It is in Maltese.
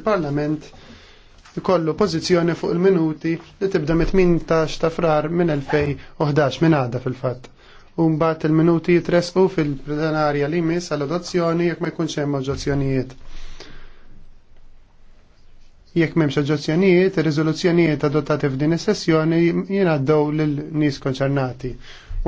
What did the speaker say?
il-Parlament ikollu pożizzjoni fuq il-minuti li tibda mit-18 ta' frar minn 2011 minn għada fil-fatt. bat il-minuti jitresqu fil-plenarja li jmiss għall-adozzjoni jekk ma jkunx hemm oġġozzjonijiet. Jekk m'hemmx oġġozzjonijiet, ir-riżoluzzjonijiet adottati f'din is-sessjoni jingħaddew lil nies konċernati.